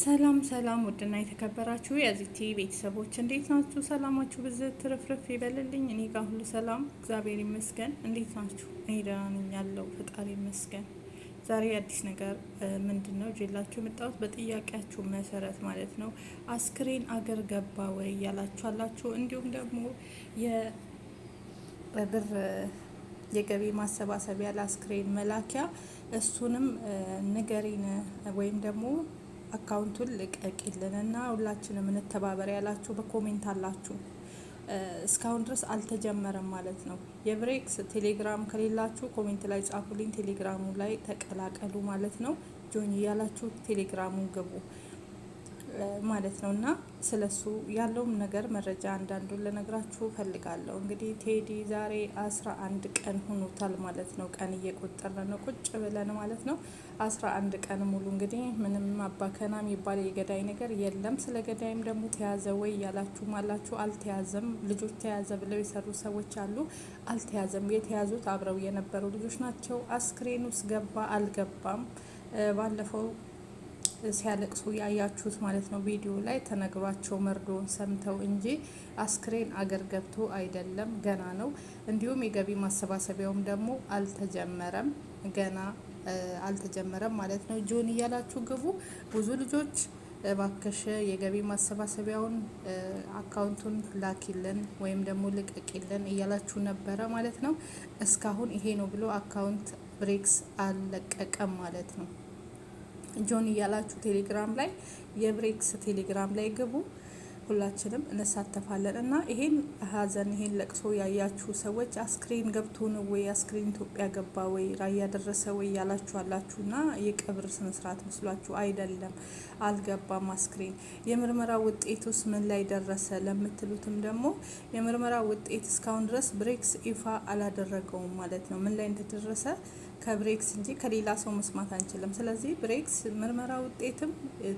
ሰላም ሰላም፣ ውድና የተከበራችሁ የዚቲ ቤተሰቦች እንዴት ናችሁ? ሰላማችሁ ብዝት ትርፍርፍ ይበልልኝ። እኔ ጋር ሁሉ ሰላም እግዚአብሔር ይመስገን። እንዴት ናችሁ? እኔ ደህና ነኝ ያለው ፈጣሪ ይመስገን። ዛሬ አዲስ ነገር ምንድን ነው ጅላችሁ የመጣሁት በጥያቄያችሁ መሰረት ማለት ነው። አስክሬን አገር ገባ ወይ እያላችሁ አላችሁ። እንዲሁም ደግሞ የብር የገቢ ማሰባሰቢያ ለአስክሬን መላኪያ እሱንም ንገሪን ወይም ደግሞ አካውንቱን ልቀቅልን እና ሁላችንም እንተባበር ያላችሁ በኮሜንት አላችሁ። እስካሁን ድረስ አልተጀመረም ማለት ነው። የብሬክስ ቴሌግራም ከሌላችሁ ኮሜንት ላይ ጻፉልኝ፣ ቴሌግራሙ ላይ ተቀላቀሉ ማለት ነው። ጆኝ እያላችሁ ቴሌግራሙ ግቡ። ማለት ነው እና ስለሱ ያለውም ነገር መረጃ አንዳንዱ ልነግራችሁ ፈልጋለሁ። እንግዲህ ቴዲ ዛሬ አስራ አንድ ቀን ሆኖታል ማለት ነው። ቀን እየቆጠረ ነው ቁጭ ብለን ማለት ነው። አስራ አንድ ቀን ሙሉ እንግዲህ ምንም አባከና የሚባል የገዳይ ነገር የለም። ስለ ገዳይም ደግሞ ተያዘ ወይ ያላችሁ አላችሁ። አልተያዘም። ልጆች ተያዘ ብለው የሰሩ ሰዎች አሉ። አልተያዘም። የተያዙት አብረው የነበሩ ልጆች ናቸው። አስክሬን ውስጥ ገባ አልገባም ባለፈው ሲያለቅሱ ያያችሁት ማለት ነው። ቪዲዮ ላይ ተነግሯቸው መርዶን ሰምተው እንጂ አስክሬን አገር ገብቶ አይደለም፣ ገና ነው። እንዲሁም የገቢ ማሰባሰቢያውም ደግሞ አልተጀመረም፣ ገና አልተጀመረም ማለት ነው። ጆን እያላችሁ ግቡ። ብዙ ልጆች እባክሽ የገቢ ማሰባሰቢያውን አካውንቱን ላኪልን ወይም ደግሞ ልቀቂልን እያላችሁ ነበረ ማለት ነው። እስካሁን ይሄ ነው ብሎ አካውንት ብሬክስ አልለቀቀም ማለት ነው። ጆን እያላችሁ ቴሌግራም ላይ የብሬክስ ቴሌግራም ላይ ግቡ። ሁላችንም እንሳተፋለን እና ይሄን ሀዘን ይሄን ለቅሶ ያያችሁ ሰዎች አስክሬን ገብቶ ነው ወይ አስክሬን ኢትዮጵያ ገባ ወይ ራያ ደረሰ ወይ ያላችሁ አላችሁ እና የቀብር ስነስርዓት መስሏችሁ አይደለም፣ አልገባም አስክሬን። የምርመራ ውጤት ውስጥ ምን ላይ ደረሰ ለምትሉትም ደግሞ የምርመራ ውጤት እስካሁን ድረስ ብሬክስ ይፋ አላደረገውም ማለት ነው ምን ላይ እንደደረሰ ከብሬክስ እንጂ ከሌላ ሰው መስማት አንችልም። ስለዚህ ብሬክስ ምርመራ ውጤትም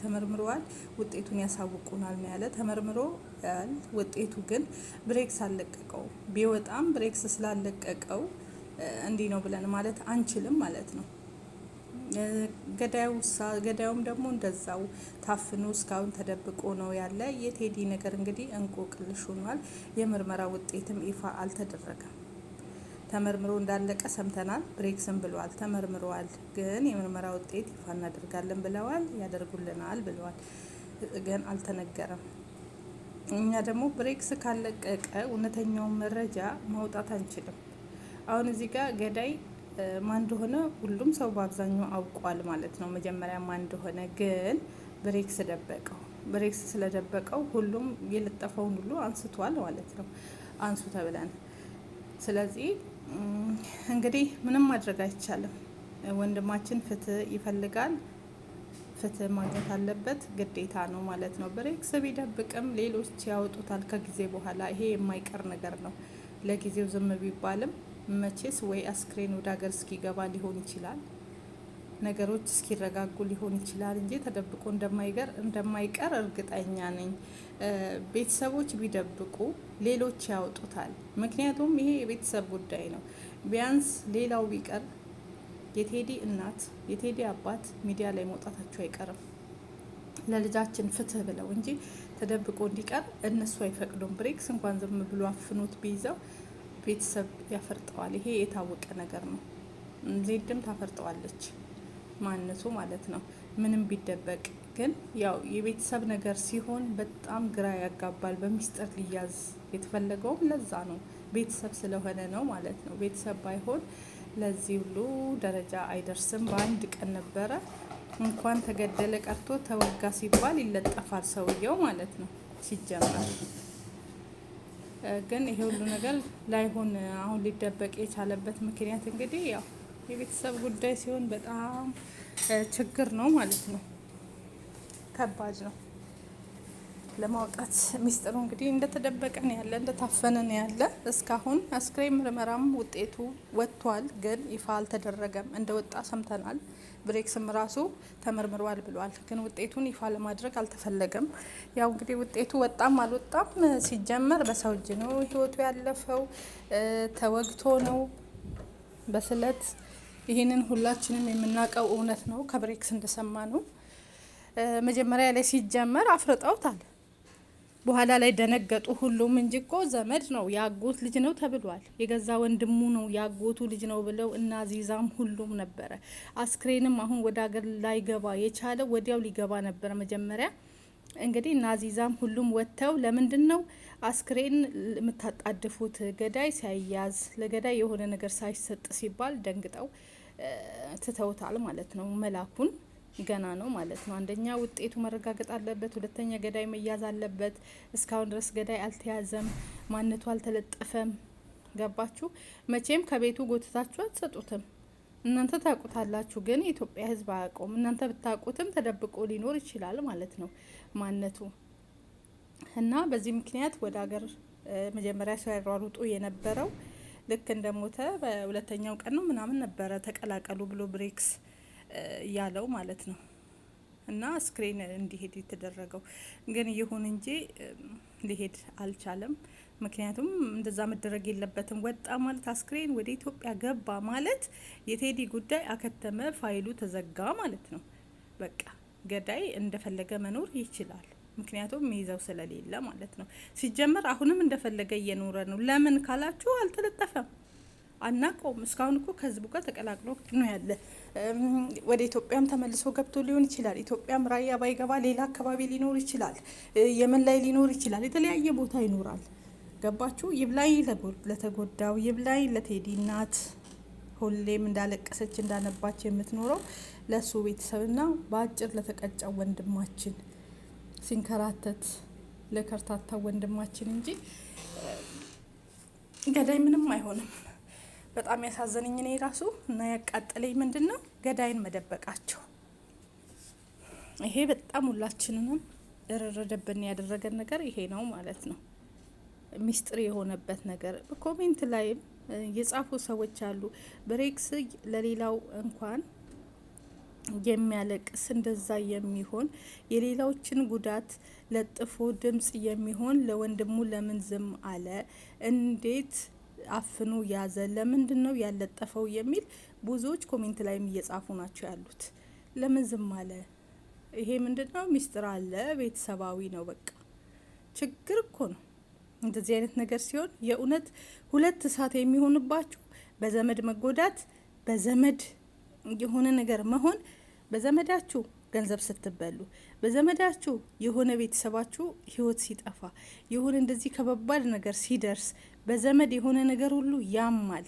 ተመርምሯል፣ ውጤቱን ያሳውቁናል ያለ። ተመርምሮ ውጤቱ ግን ብሬክስ አልለቀቀው። ቢወጣም ብሬክስ ስላለቀቀው እንዲህ ነው ብለን ማለት አንችልም ማለት ነው። ገዳዩም ደግሞ እንደዛው ታፍኖ እስካሁን ተደብቆ ነው ያለ። የቴዲ ነገር እንግዲህ እንቆቅልሽ ሆኗል። የምርመራ ውጤትም ይፋ አልተደረገም። ተመርምሮ እንዳለቀ ሰምተናል። ብሬክስም ብሏል ተመርምረዋል፣ ግን የምርመራ ውጤት ይፋ እናደርጋለን ብለዋል። ያደርጉልናል ብለዋል፣ ግን አልተነገረም። እኛ ደግሞ ብሬክስ ካለቀቀ እውነተኛውን መረጃ ማውጣት አንችልም። አሁን እዚህ ጋር ገዳይ ማን እንደሆነ ሁሉም ሰው በአብዛኛው አውቋል ማለት ነው። መጀመሪያ ማን እንደሆነ ግን ብሬክስ ደበቀው። ብሬክስ ስለደበቀው ሁሉም የለጠፈውን ሁሉ አንስቷል ማለት ነው። አንሱ ተብለን ስለዚህ እንግዲህ ምንም ማድረግ አይቻልም። ወንድማችን ፍትህ ይፈልጋል። ፍትህ ማግኘት አለበት፣ ግዴታ ነው ማለት ነው። ብሬክስ ቢደብቅም ሌሎች ያወጡታል ከጊዜ በኋላ። ይሄ የማይቀር ነገር ነው። ለጊዜው ዝም ቢባልም መቼስ ወይ አስክሬን ወደ ሀገር እስኪገባ ሊሆን ይችላል ነገሮች እስኪረጋጉ ሊሆን ይችላል እንጂ ተደብቆ እንደማይገር እንደማይቀር እርግጠኛ ነኝ። ቤተሰቦች ቢደብቁ ሌሎች ያወጡታል። ምክንያቱም ይሄ የቤተሰብ ጉዳይ ነው። ቢያንስ ሌላው ቢቀር የቴዲ እናት የቴዲ አባት ሚዲያ ላይ መውጣታቸው አይቀርም ለልጃችን ፍትህ ብለው እንጂ ተደብቆ እንዲቀር እነሱ አይፈቅዱም። ብሬክስ እንኳን ዝም ብሎ አፍኖት ቢይዘው ቤተሰብ ያፈርጠዋል። ይሄ የታወቀ ነገር ነው። ዜድም ታፈርጠዋለች። ማንነቱ ማለት ነው። ምንም ቢደበቅ ግን ያው የቤተሰብ ነገር ሲሆን በጣም ግራ ያጋባል። በሚስጥር ሊያዝ የተፈለገውም ለዛ ነው፣ ቤተሰብ ስለሆነ ነው ማለት ነው። ቤተሰብ ባይሆን ለዚህ ሁሉ ደረጃ አይደርስም። በአንድ ቀን ነበረ እንኳን ተገደለ ቀርቶ ተወጋ ሲባል ይለጠፋል ሰውየው ማለት ነው። ሲጀመር ግን ይሄ ሁሉ ነገር ላይሆን አሁን ሊደበቅ የቻለበት ምክንያት እንግዲህ ያው የቤተሰብ ጉዳይ ሲሆን በጣም ችግር ነው ማለት ነው። ከባድ ነው ለማውጣት። ሚስጥሩ እንግዲህ እንደተደበቀ ነው ያለ፣ እንደታፈነ ነው ያለ። እስካሁን አስክሬን ምርመራም ውጤቱ ወጥቷል፣ ግን ይፋ አልተደረገም። እንደ ወጣ ሰምተናል። ብሬክስም ራሱ ተመርምሯል ብሏል፣ ግን ውጤቱን ይፋ ለማድረግ አልተፈለገም። ያው እንግዲህ ውጤቱ ወጣም አልወጣም ሲጀመር በሰው እጅ ነው ህይወቱ ያለፈው፣ ተወግቶ ነው በስለት ይህንን ሁላችንም የምናውቀው እውነት ነው። ከብሬክስ እንደሰማ ነው። መጀመሪያ ላይ ሲጀመር አፍርጠውታል። በኋላ ላይ ደነገጡ ሁሉም እንጂ እኮ ዘመድ ነው የአጎት ልጅ ነው ተብሏል። የገዛ ወንድሙ ነው የአጎቱ ልጅ ነው ብለው እና ዚዛም ሁሉም ነበረ። አስክሬንም አሁን ወደ ሀገር ላይገባ የቻለ ወዲያው ሊገባ ነበረ መጀመሪያ እንግዲህ እናዚዛም ሁሉም ወጥተው ለምንድን ነው አስክሬን የምታጣድፉት? ገዳይ ሲያያዝ ለገዳይ የሆነ ነገር ሳይሰጥ ሲባል ደንግጠው ትተውታል ማለት ነው። መላኩን ገና ነው ማለት ነው። አንደኛ ውጤቱ መረጋገጥ አለበት፣ ሁለተኛ ገዳይ መያዝ አለበት። እስካሁን ድረስ ገዳይ አልተያዘም፣ ማንነቱ አልተለጠፈም። ገባችሁ? መቼም ከቤቱ ጎትታችሁ አትሰጡትም። እናንተ ታውቁታላችሁ፣ ግን የኢትዮጵያ ሕዝብ አያውቀውም። እናንተ ብታውቁትም ተደብቆ ሊኖር ይችላል ማለት ነው ማንነቱ እና በዚህ ምክንያት ወደ ሀገር መጀመሪያ ሲያሯሩጡ የነበረው ልክ እንደሞተ በሁለተኛው ቀን ነው ምናምን ነበረ ተቀላቀሉ ብሎ ብሬክስ ያለው ማለት ነው እና ስክሪን እንዲሄድ የተደረገው ግን ይሁን እንጂ ሊሄድ አልቻለም። ምክንያቱም እንደዛ መደረግ የለበትም። ወጣ ማለት አስክሬን ወደ ኢትዮጵያ ገባ ማለት የቴዲ ጉዳይ አከተመ፣ ፋይሉ ተዘጋ ማለት ነው። በቃ ገዳይ እንደፈለገ መኖር ይችላል። ምክንያቱም ይዘው ስለሌለ ማለት ነው። ሲጀመር አሁንም እንደፈለገ እየኖረ ነው። ለምን ካላችሁ አልተለጠፈም፣ አናቀውም እስካሁን እኮ ከህዝቡ ጋር ተቀላቅሎ ነው ያለ። ወደ ኢትዮጵያም ተመልሶ ገብቶ ሊሆን ይችላል። ኢትዮጵያም ራያ ባይገባ ሌላ አካባቢ ሊኖር ይችላል። የመን ላይ ሊኖር ይችላል። የተለያየ ቦታ ይኖራል። ገባችሁ? ይብላኝ ለተጎዳው፣ ይብላኝ ለቴዲ እናት ሁሌም እንዳለቀሰች እንዳነባች የምትኖረው ለእሱ ቤተሰብና በአጭር ለተቀጫው ወንድማችን ሲንከራተት ለከርታታ ወንድማችን እንጂ ገዳይ ምንም አይሆንም። በጣም ያሳዘነኝ እኔ ራሱ እና ያቃጠለኝ ምንድን ነው ገዳይን መደበቃቸው። ይሄ በጣም ሁላችንንም እርርደብን ያደረገን ነገር ይሄ ነው ማለት ነው። ሚስጥር የሆነበት ነገር ኮሜንት ላይም የጻፉ ሰዎች አሉ። ብሬክስ ለሌላው እንኳን የሚያለቅስ እንደዛ የሚሆን የሌላዎችን ጉዳት ለጥፎ ድምጽ የሚሆን ለወንድሙ ለምን ዝም አለ፣ እንዴት አፍኖ ያዘ፣ ለምንድን ነው ያለጠፈው የሚል ብዙዎች ኮሜንት ላይም እየጻፉ ናቸው ያሉት። ለምን ዝም አለ? ይሄ ምንድን ነው? ሚስጥር አለ። ቤተሰባዊ ነው። በቃ ችግር እኮ ነው እንደዚህ አይነት ነገር ሲሆን። የእውነት ሁለት እሳት የሚሆንባችሁ በዘመድ መጎዳት፣ በዘመድ የሆነ ነገር መሆን በዘመዳችሁ ገንዘብ ስትበሉ፣ በዘመዳችሁ የሆነ ቤተሰባችሁ ህይወት ሲጠፋ፣ የሆነ እንደዚህ ከበባድ ነገር ሲደርስ፣ በዘመድ የሆነ ነገር ሁሉ ያማል።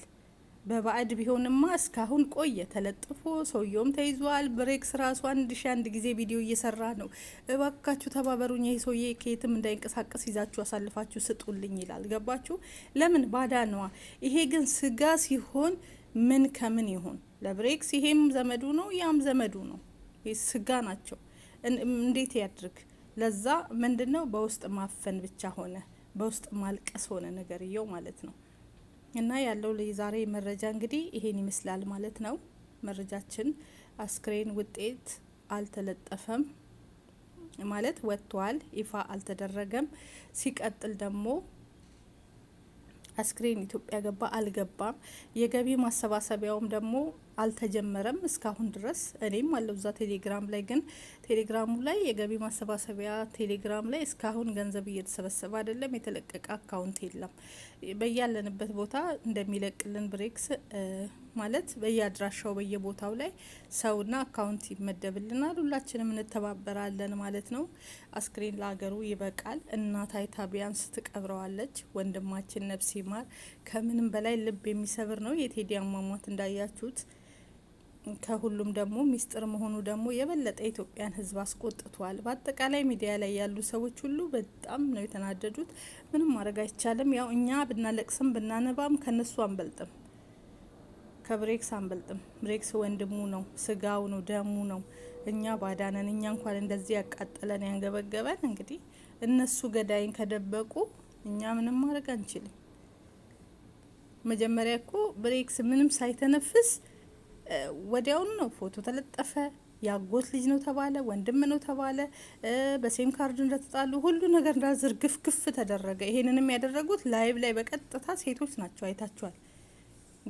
በባዕድ ቢሆንማ እስካሁን ቆየ ተለጥፎ፣ ሰውየውም ተይዟል። ብሬክስ ራሱ አንድ ሺ አንድ ጊዜ ቪዲዮ እየሰራ ነው። እባካችሁ ተባበሩኝ፣ ይህ ሰውዬ ከየትም እንዳይንቀሳቀስ ይዛችሁ አሳልፋችሁ ስጡልኝ ይላል። ገባችሁ? ለምን ባዳ ነዋ። ይሄ ግን ስጋ ሲሆን ምን ከምን ይሆን ለብሬክስ ይሄም ዘመዱ ነው፣ ያም ዘመዱ ነው። ስጋ ናቸው። እንዴት ያድርግ? ለዛ ምንድን ነው በውስጥ ማፈን ብቻ ሆነ፣ በውስጥ ማልቀስ ሆነ ነገርየው ማለት ነው። እና ያለው የዛሬ መረጃ እንግዲህ ይሄን ይመስላል ማለት ነው። መረጃችን አስክሬን ውጤት አልተለጠፈም ማለት ወጥቷል፣ ይፋ አልተደረገም። ሲቀጥል ደግሞ አስክሬን ኢትዮጵያ ገባ አልገባም፣ የገቢ ማሰባሰቢያውም ደግሞ አልተጀመረም እስካሁን ድረስ እኔም አለው እዛ ቴሌግራም ላይ ግን ቴሌግራሙ ላይ የገቢ ማሰባሰቢያ ቴሌግራም ላይ እስካሁን ገንዘብ እየተሰበሰበ አይደለም፣ የተለቀቀ አካውንት የለም። በያለንበት ቦታ እንደሚለቅልን ብሬክስ ማለት በየአድራሻው በየቦታው ላይ ሰውና አካውንት ይመደብልናል። ሁላችንም እንተባበራለን ማለት ነው። አስክሬን ለሀገሩ ይበቃል። እናት አይታ ቢያንስ ትቀብረዋለች። ወንድማችን ነፍስ ይማር። ከምንም በላይ ልብ የሚሰብር ነው የቴዲ አሟሟት እንዳያችሁት። ከሁሉም ደግሞ ሚስጥር መሆኑ ደግሞ የበለጠ ኢትዮጵያን ሕዝብ አስቆጥቷል። በአጠቃላይ ሚዲያ ላይ ያሉ ሰዎች ሁሉ በጣም ነው የተናደዱት። ምንም ማድረግ አይቻልም። ያው እኛ ብናለቅስም ብናነባም ከነሱ አንበልጥም። ከብሬክስ አንበልጥም። ብሬክስ ወንድሙ ነው፣ ስጋው ነው፣ ደሙ ነው። እኛ ባዳነን፣ እኛ እንኳን እንደዚህ ያቃጠለን ያንገበገበን። እንግዲህ እነሱ ገዳይን ከደበቁ እኛ ምንም ማድረግ አንችልም። መጀመሪያ እኮ ብሬክስ ምንም ሳይተነፍስ ወዲያውኑ ነው ፎቶ ተለጠፈ። ያጎት ልጅ ነው ተባለ፣ ወንድም ነው ተባለ፣ በሴም ካርድ እንደተጣሉ ሁሉ ነገር እንዳዝርግፍግፍ ተደረገ። ይሄንንም ያደረጉት ላይቭ ላይ በቀጥታ ሴቶች ናቸው። አይታችኋል።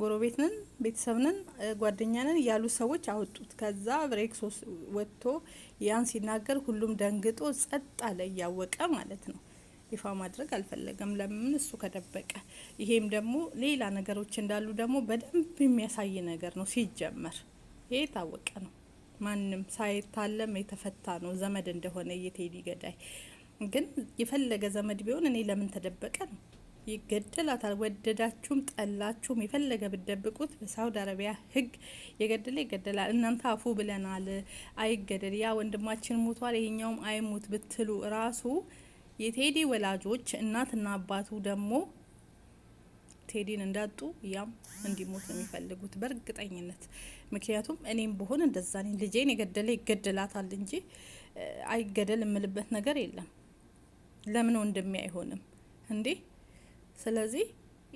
ጎረቤት ነን፣ ቤተሰብ ነን፣ ጓደኛ ነን ያሉ ሰዎች አወጡት። ከዛ ሬክሶስ ወጥቶ ያን ሲናገር ሁሉም ደንግጦ ጸጥ አለ፣ እያወቀ ማለት ነው። ይፋ ማድረግ አልፈለገም። ለምን እሱ ከደበቀ። ይሄም ደግሞ ሌላ ነገሮች እንዳሉ ደግሞ በደንብ የሚያሳይ ነገር ነው። ሲጀመር ይሄ የታወቀ ነው። ማንም ሳይታለም የተፈታ ነው ዘመድ እንደሆነ የቴዲ ገዳይ ግን የፈለገ ዘመድ ቢሆን እኔ ለምን ተደበቀ ነው ይገደላታል። ወደዳችሁም ጠላችሁም የፈለገ ብደብቁት በሳውዲ አረቢያ ሕግ የገደለ ይገደላል። እናንተ አፉ ብለናል አይገደል፣ ያ ወንድማችን ሞቷል ይሄኛውም አይሙት ብትሉ ራሱ የቴዲ ወላጆች እናትና አባቱ ደግሞ ቴዲን እንዳጡ ያም እንዲሞት ነው የሚፈልጉት በእርግጠኝነት። ምክንያቱም እኔም በሆን እንደዛ ነኝ። ልጄን የገደለ ይገደላታል እንጂ አይገደል የምልበት ነገር የለም። ለምን ወንድሜ አይሆንም እንዴ? ስለዚህ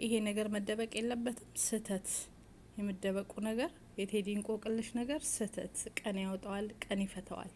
ይሄ ነገር መደበቅ የለበትም። ስህተት የመደበቁ ነገር የቴዲ እንቆቅልሽ ነገር ስህተት ቀን ያወጣዋል፣ ቀን ይፈተዋል።